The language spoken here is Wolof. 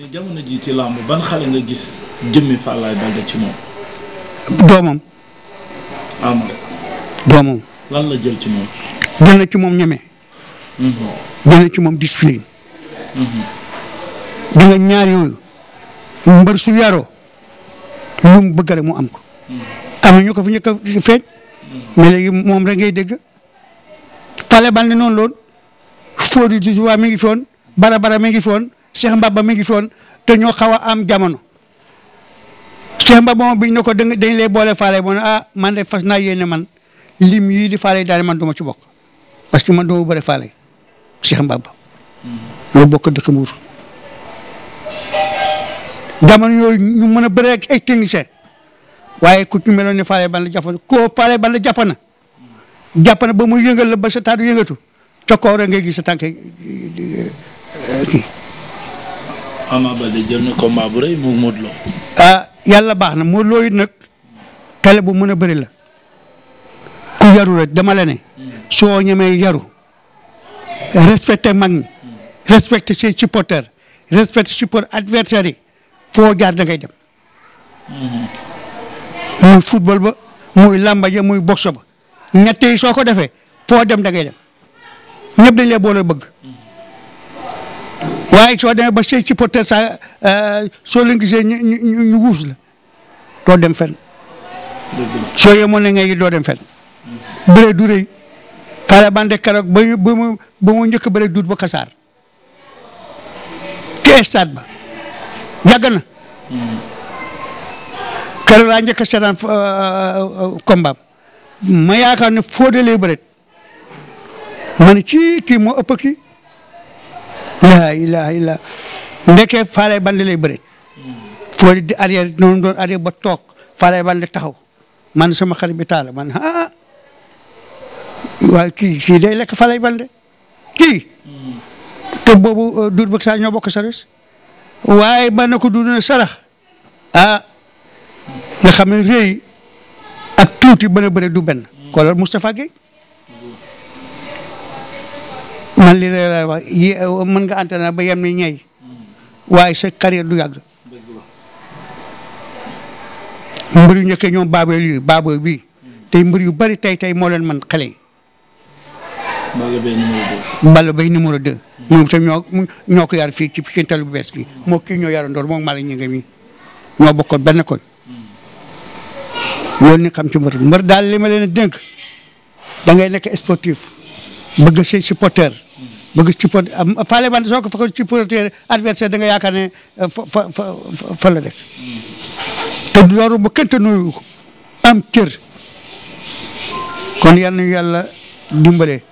mais jamono ji ci làmb ban xale nga gis jëmmi Falaye Baldé ci moom. doomam. ama doomam. lan la jël ci ci moom mhm. ci moom discipline. di mhm. nga ñaar yooyu mbër su yaroo lu mu bëgg rek mu am ko. Mhm. am na ñu ko fi njëkk a feeñ. mais léegi moom rek ngay dégg. Falaye Baldé noonu loon Fodé Diouf mi ngi fi Barabara mi ngi fi Cheikh Mbaba mi ngi fi woon te ñoo xaw a am jamono Cheikh Mbaba moom biñ ne ko dañ lay boole faale moo ne ah man de fas naa yéene man lim yii di faale daal man duma ci bokk parce que man duma bëri faale Cheikh Mbaba ñoo bokk dëkk Mbuur jamono yooyu ñu mën a bëree ak waaye ku ci meloon ne faale ban la jàppoon koo faale ban la jàpp na ba muy yëngal la ba sa taatu yëngatu ca kaw rek sa tànk kii Ama Baldé jël na combat Lo. ah yàlla baax na Modou Lo it nag xale bu mën a bëri la ku yaru dama la ne soo ñemee yaru respect mag ñi respecté ses supporters respecté support adversaire yi foo jaar da ngay mm-hmm. muy football ba muy làmba muy boxe ba ñett soo ko defee foo dem da ngay dem ñëpp dañ lay boole bëgg. waaye soo demee ba sëy ci porté sa euh, soo leen gisee ñu ñu ñu doo dem fenn. soo yemoon na ngay doo dem fenn. bëree du rëy bande keroog ba mu njëkk a bëree duut ba kasaar ci stade ba yàgg na. keroog njëkk a seetaan euh, euh, ma yaakaar ne Fodé lay bëreet ma ci kii moo ëpp kii. laa ilaha illa ndeke Falaye Baldé lay bëre foo di arrière noonu doon arrière ba toog Falaye Baldé taxaw man sama xarit bi taala man ah, ah. waaye kii kii day lekk Falaye Baldé kii te boobu duur bëgg saa ñoo bokk sares waaye mën na ko duud na sarax ah nga xam ne réy ak tuuti bën a bëre du benn kolal Moustapha Gueye man li lay lay wax yi ba yem ni ñey waaye sa carrière du yàgg mbir yu njëkkee ñoom baaboo lii baaboo bii tey mbir yu bari tey tey moo man xale yi ba Gaye numéro 2 moom tam ñoo ñoo ko yar fii ci Pikintal bu bees bi moo kii ñoo yarandoor moom Malick Ngingue mi ñoo ni xam ci mbër mbër daal li ma leen a dénk da ngay nekk bëgg say supporter bëgg supporter faale bande soo ko fa ko supporter adversaire da nga yaakaar ne euh, fa fa fa la def te loolu bu yal na